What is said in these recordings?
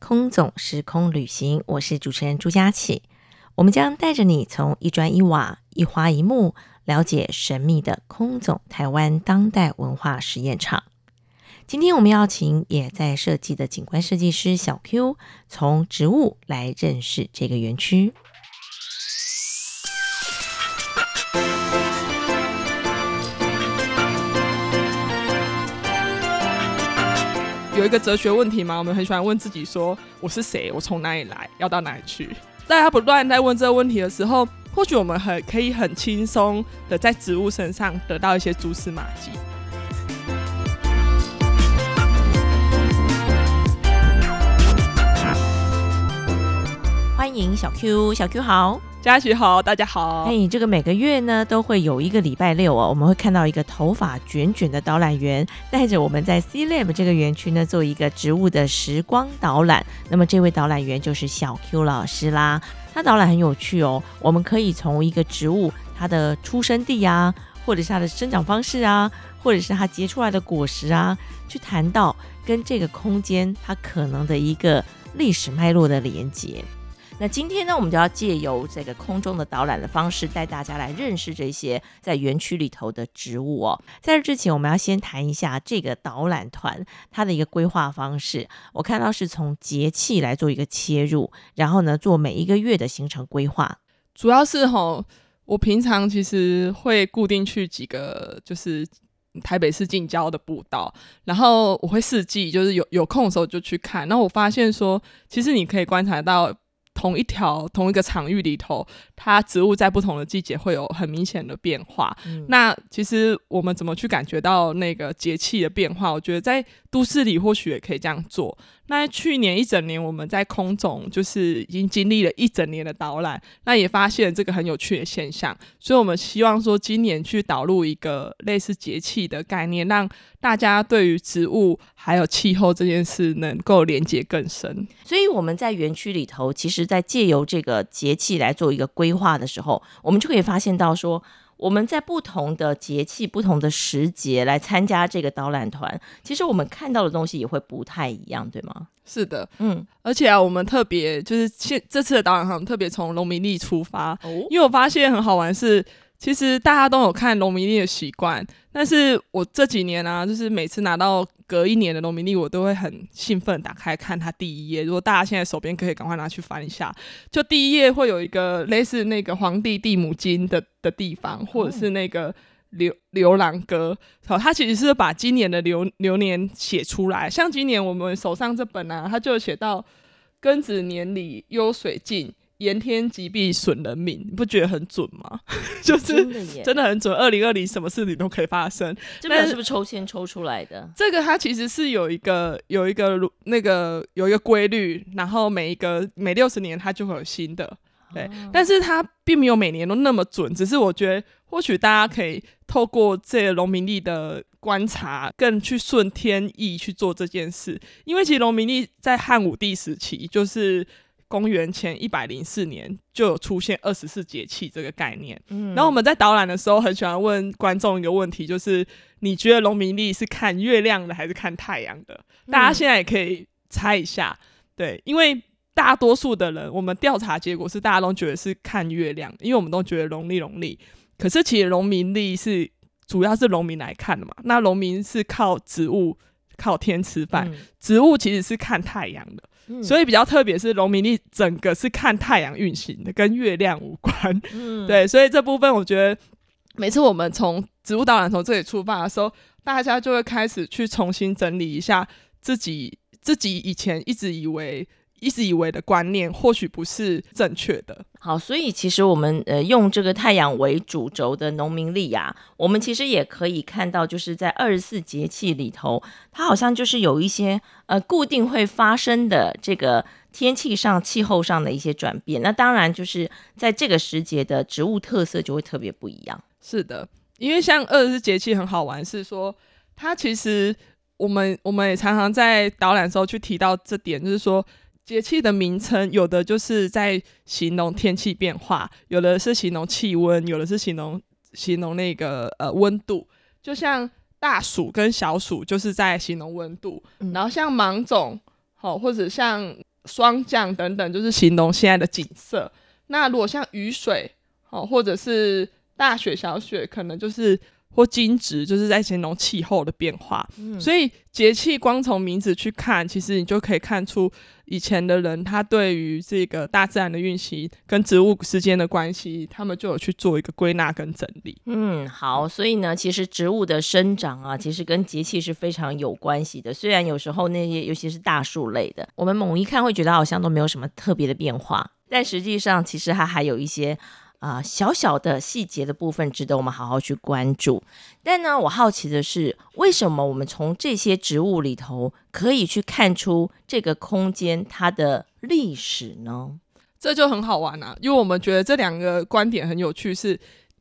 空總時空旅行，我是主持人朱佳琪，我們將帶着你從一磚一瓦、一花一木，了解神秘的空總台灣當代文化實驗場。今天，我們要請也在設計的景觀設計師小 Q，從植物來認識這個園區。有一個哲學問題嘛，我們很喜歡問自己說我：“我是誰？我從哪裡來？要到哪裡去？”在他不斷在問這個問題的時候，或許我們很可以很輕鬆的在植物身上得到一些蛛絲馬跡。歡迎小 Q，小 Q 好。嘉許好，大家好。哎，這個每個月呢，都會有一個禮拜六哦，我們會看到一個頭髮卷卷的導覽員，帶着我們在 C-LAB 這個園區呢，做一個植物的時光導覽。那麼，這位導覽員就是小 Q 老師啦。他導覽很有趣哦，我們可以從一個植物它的出生地啊，或者是它的生長方式啊，或者是它結出來的果實啊，去談到跟這個空間它可能的一個歷史脈絡的連接。那今天呢，我們就要借由這個空總的導覽的方式，帶大家來認識這些在園區裡頭的植物哦。在這之前，我們要先談一下這個導覽團它的一個規劃方式。我看到是從節氣來做一個切入，然後呢，做每一個月的行程規劃。主要是吼，我平常其實會固定去幾個，就是台北市近郊的步道，然後我會四季，就是有有空的時候就去看。然後我發現說，其實你可以觀察到。同一條同一個場域裡頭，它植物在不同的季節會有很明顯的變化。嗯、那其實我們怎麼去感覺到那個節氣的變化？我覺得在。都市裡或許也可以這樣做。那去年一整年，我們在空總就是已經經歷了一整年的導覽，那也發現這個很有趣的現象。所以，我們希望說今年去導入一個類似節氣的概念，讓大家對於植物還有氣候這件事能夠連接更深。所以，我們在園區裡頭，其實，在借由這個節氣來做一個規劃的時候，我們就可以發現到說。我們在不同的節氣、不同的時節來參加這個導覽團，其實我們看到的東西也會不太一樣，對嗎？是的，嗯，而且啊，我們特別就是現這次的導覽團特別從農曆出發，哦、因為我發現很好玩是。其實大家都有看農民曆的習慣，但是我這幾年啊，就是每次拿到隔一年的農民曆，我都會很興奮打開看它第一頁。如果大家現在手邊可以趕快拿去翻一下，就第一頁會有一個類似那個黃帝地母經的的地方，或者是那個流流浪歌。好，它其實是把今年的流流年寫出來，像今年我們手上這本啊，它就寫到庚子年裡憂水盡，炎天吉必損人民，你不覺得很準嗎？ 就是真的很準。二零二零什麼事情都可以發生。這個是不是抽籤抽出來的？這個它其實是有一個有一個那個有一個規律，然後每一個每六十年它就會有新的。對，哦、但是它並沒有每年都那麼準。只是我覺得，或許大家可以透過這個農民曆的觀察，更去順天意去做這件事。因為其實農民曆在漢武帝時期就是。公元前一百零四年就有出現二十四節氣這個概念。嗯。然後我們在導覽的時候很喜歡問觀眾一個問題，就是你覺得農民曆是看月亮的還是看太陽的？嗯。大家現在也可以猜一下。對，因為大多數的人，我們調查結果是大家都覺得是看月亮的，因為我們都覺得農曆農曆。可是其實農民曆是主要是農民來看的嘛。那農民是靠植物、靠天吃飯。嗯。植物其實是看太陽的。所以比較特別是，農民曆整個，是看太陽運行的，跟月亮無關。嗯、對，所以這部分我覺得，每次我們從植物導覽，從這裡出發的時候，大家就會開始去重新整理一下自己，自己以前一直以為。一直以為的觀念或許不是正確的。好，所以其實我們呃用這個太陽為主軸的農民曆啊，我們其實也可以看到，就是在二十四節氣裡頭，它好像就是有一些呃固定會發生的這個天氣上、氣候上的一些轉變。那當然就是在這個時節的植物特色就會特別不一樣。是的，因為像二十四節氣很好玩，是說它其實我們我們也常常在導覽的時候去提到這點，就是說。節氣的名稱，有的就是在形容天氣變化，有的是形容氣溫，有的是形容形容那個呃溫度。就像大暑跟小暑，就是在形容溫度。嗯、然後像芒種，哦、或者，像霜降等等，就是形容現在的景色。 那如果像雨水，哦、或者是大雪、小雪，可能就是。或驚蟄，就是在形容氣候的變化。嗯。所以節氣光從名字去看，其實你就可以看出以前的人，他對於這個大自然的運行跟植物之間的關係，他們就有去做一個歸納跟整理。嗯，好。所以呢，其實植物的生長啊，其實跟節氣是非常有關係的。雖然有時候那些，尤其是大樹類的，我們猛一看會覺得好像都沒有什麼特別的變化，但實際上其實它還有一些。啊，小小的細節的部分值得我們好好去關注。但呢，我好奇的是，為什麼我們從這些植物裡頭可以去看出這個空間它的歷史呢？這就很好玩啊，因為我們覺得這兩個觀點很有趣是。是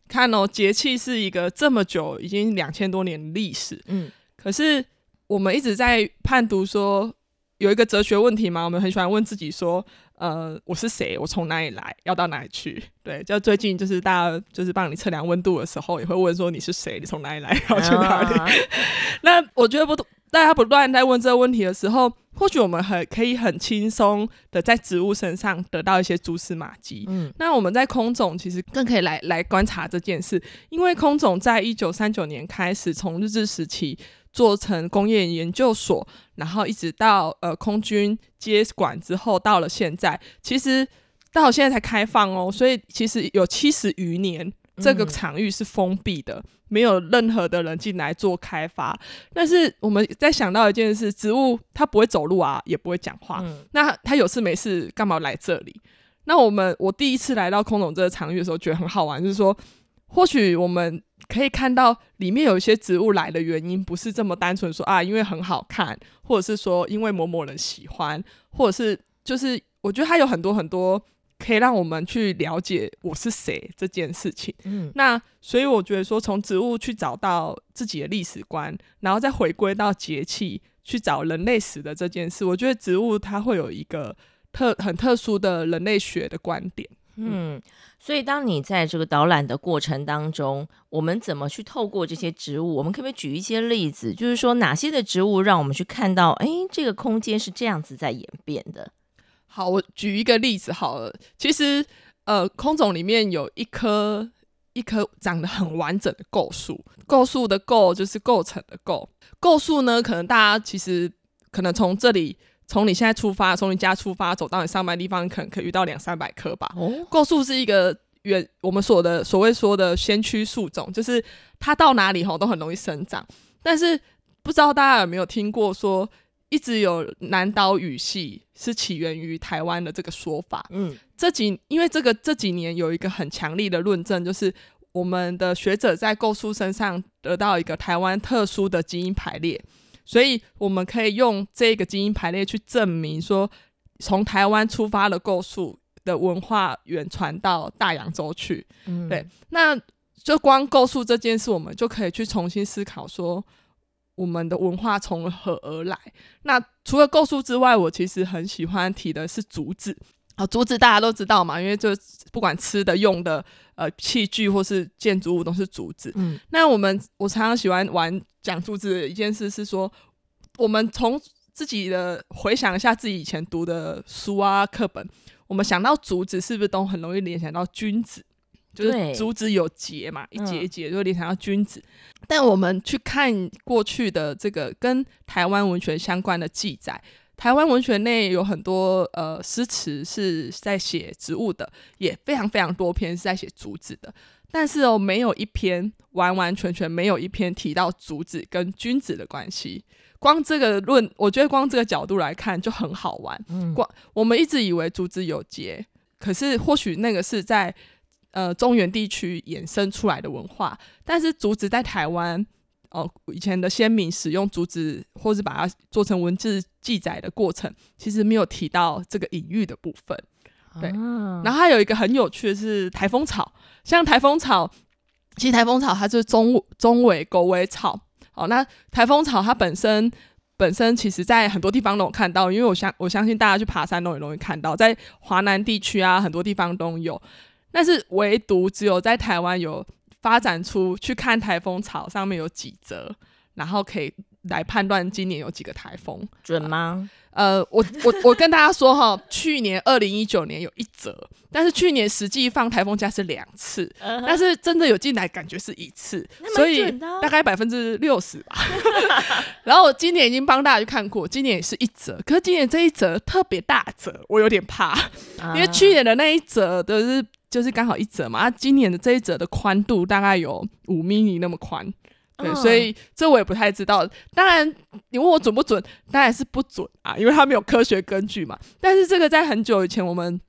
看哦，節氣是一個這麼久，已經兩千多年的歷史。嗯，可是我們一直在判讀說，有一個哲學問題嘛，我們很喜歡問自己說。呃，我是誰？我從哪裡來？要到哪裡去？對，就最近就是大家就是幫你測量溫度的時候，也會問說你是誰？你從哪裡來？要去哪裡？ 那我覺得不，大家不斷在問這個問題的時候，或許我們很可以很輕鬆的在植物身上得到一些蛛絲馬跡。嗯，那我們在空總其實更可以來來觀察這件事，因為空總在一九三九年開始從日治時期，做成工業研究所，然後一直到呃空軍接管之後，到了現在，其實到現在才開放喔，所以其實有七十餘年這個場域是封閉的，沒有任何的人進來做開發。但是我們在想到一件事，植物它不會走路啊，也不會講話，嗯。那它有事沒事幹嘛來這裡？那我們我第一次來到空總這個場域的時候，覺得很好玩，就是說。或許我們可以看到，裡面有一些植物來的原因不是這麼單純，說啊，因為很好看，或者是說因為某某人喜歡，或者是就是我覺得它有很多很多可以讓我們去了解我是誰這件事情。嗯，那所以我覺得說從植物去找到自己的歷史觀，然後再回歸到節氣去找人類史的這件事，我覺得植物它會有一個特很特殊的人類學的觀點。嗯，所以當你在這個導覽的過程當中，我們怎麼去透過這些植物？我們可不可以舉一些例子，就是說哪些的植物讓我們去看到，哎，這個空間是這樣子在演變的？好，我舉一個例子好了。其實，呃，空總裡面有一棵一棵長得很完整的構樹，構樹的構就是構成的構。構樹呢，可能大家其實可能從這裡。從你現在出發，從你家出發，走到你上班地方，可能可以遇到兩三百棵吧。哦，構樹是一個原我們所的所謂說的先驅樹種，就是它到哪裡吼都很容易生長。但是不知道大家有沒有聽過說，一直有南島語系是起源於台灣的這個說法。嗯，這幾因為這個這幾年有一個很強力的論證，就是我們的學者在構樹身上得到一個台灣特殊的基因排列。所以我們可以用這個基因排列去證明說，從臺灣出發的構樹的文化遠傳到大洋洲去。嗯、對，那就光構樹這件事，我們就可以去重新思考說，我們的文化從何而來？那除了構樹之外，我其實很喜歡提的是竹子。啊、哦，竹子大家都知道嘛，因為這。不管吃的用的，呃，器具或是建築物，都是竹子。嗯。那我們我常常喜歡玩講竹子的一件事，是說我們從自己的回想一下自己以前讀的書啊，課本，我們想到竹子是不是都很容易聯想到君子？就是竹子有節嘛，對一節一節，就聯想到君子。嗯。但我們去看過去的這個跟台灣文學相關的記載。臺灣文學內有很多呃詩詞是在寫植物的，也非常非常多篇是在寫竹子的，但是哦，沒有一篇完完全全沒有一篇提到竹子跟君子的關係。光這個論，我覺得光這個角度來看就很好玩。嗯，光我們一直以為竹子有節，可是或許那個是在呃中原地區衍生出來的文化，但是竹子在臺灣。哦，以前的先民使用竹子，或是把它做成文字記載的過程，其實沒有提到這個隱喻的部分。對，啊、然後還有一個很有趣的是台風草，像台風草，其實台風草它是棕棕葉狗尾草。哦，那台風草它本身本身其實，在很多地方都有看到，因為我相我相信大家去爬山都很容易看到，在華南地區啊，很多地方都有，但是唯獨只有在台灣有，發展出去看颱風草上面有幾折，然後可以來判斷今年有幾個颱風，準嗎？呃，我我我跟大家說哈， 去年二零一九年有一折，但是去年實際放颱風假是兩次，uh huh. 但是真的有進來感覺是一次，uh huh. 所以大概百分之六十吧。 然後我今年已經幫大家去看過，今年也是一折，可是今年這一折特別大折，我有點怕，uh huh. 因為去年的那一折都、就是。就是剛好一折嘛，啊，今年的這一折的寬度大概有五毫米那麼寬，對，嗯、所以這我也不太知道。當然你問我準不準？當然是不準啊，因為它沒有科學根據嘛。但是這個在很久以前我們。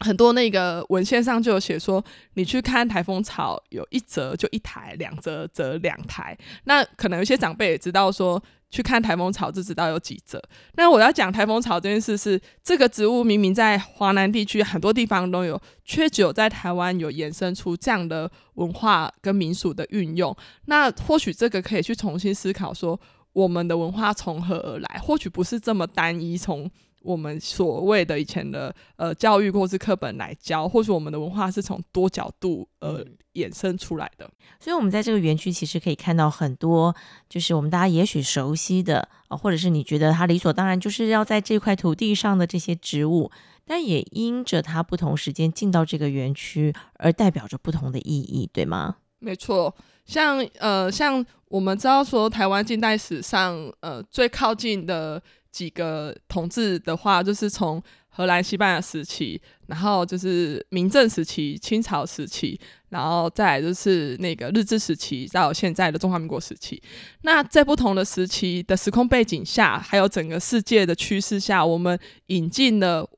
很多那個文獻上就有寫說，你去看台風草，有一折就一台，兩折折兩台。那可能有些長輩也知道說，去看台風草就知道有幾折。那我要講台風草這件事是，是這個植物明明在華南地區很多地方都有，卻只有在臺灣有衍生出這樣的文化跟民俗的運用。那或許這個可以去重新思考說，我們的文化從何而來？或許不是這麼單一從。從我們所謂的以前的呃教育，或是課本來教，或是我們的文化是從多角度呃衍生出來的。所以，我們在這個園區其實可以看到很多，就是我們大家也許熟悉的啊、呃，或者是你覺得它理所當然就是要在這塊土地上的這些植物，但也因着它不同時間進到這個園區而代表着不同的意義，對嗎？沒錯，像呃，像我們知道說台灣近代史上呃最靠近的。幾個統治的話，就是從荷蘭、西班牙時期，然後就是明鄭時期、清朝時期，然後再來就是那個日治時期到現在的中華民國時期。那在不同的時期的時空背景下，還有整個世界的趨勢下，我們引進了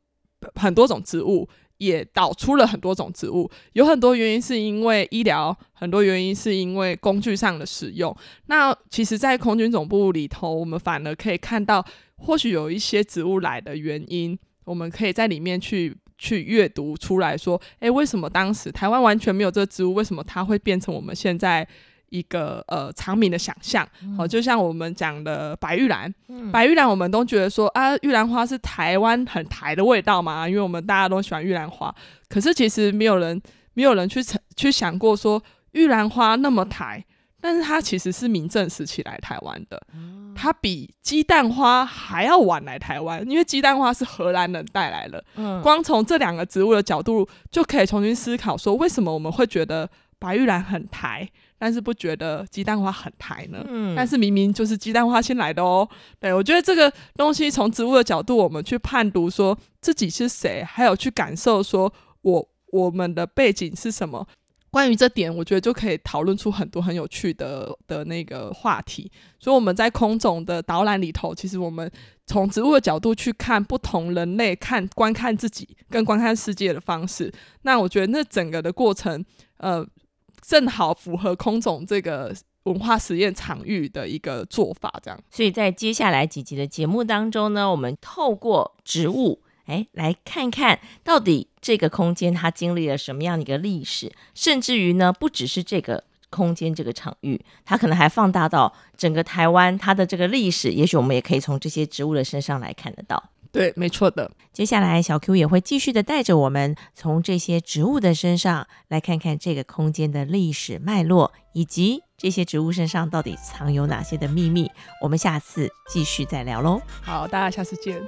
很多種植物。也導出了很多種植物，有很多原因是因為醫療，很多原因是因為工具上的使用。那其實，在空軍總部裡頭，我們反而可以看到，或許有一些植物來的原因，我們可以在裡面去去閱讀出來說，誒、欸，為什麼當時台灣完全沒有這個植物？為什麼它會變成我們現在？一個呃，常民的想象哦，就像我們講的白玉蘭，嗯、白玉蘭我們都覺得說啊，玉蘭花是台灣很台的味道嘛，因為我們大家都喜歡玉蘭花。可是其實沒有人，沒有人去去想過說玉蘭花那麼台，但是它其實是明鄭時期來台灣的，它比雞蛋花還要晚來台灣，因為雞蛋花是荷蘭人帶來的。嗯、光從這兩個植物的角度就可以重新思考說，為什麼我們會覺得白玉蘭很台？但是不覺得雞蛋花很台呢？嗯，但是明明就是雞蛋花先來的哦。對，我覺得這個東西從植物的角度，我們去判讀說自己是誰，還有去感受說我我們的背景是什麼。關於這點，我覺得就可以討論出很多很有趣的的那個話題。所以我們在空總的導覽裡頭，其實我們從植物的角度去看不同人類看觀看自己跟觀看世界的方式。那我覺得那整個的過程，呃。正好符合空總這個文化實驗場域的一個做法，這樣。所以在接下來幾集的節目當中呢，我們透過植物，哎，來看看到底這個空間它經歷了什麼樣的一個歷史，甚至於呢，不只是這個空間這個場域，它可能還放大到整個台灣它的這個歷史，也許我們也可以從這些植物的身上來看得到。對，沒錯的。接下來，小 Q 也會繼續的帶着我們從這些植物的身上，來看看這個空間的歷史脈絡，以及這些植物身上到底藏有哪些的祕密。我們下次繼續再聊嘍。好，大家下次見。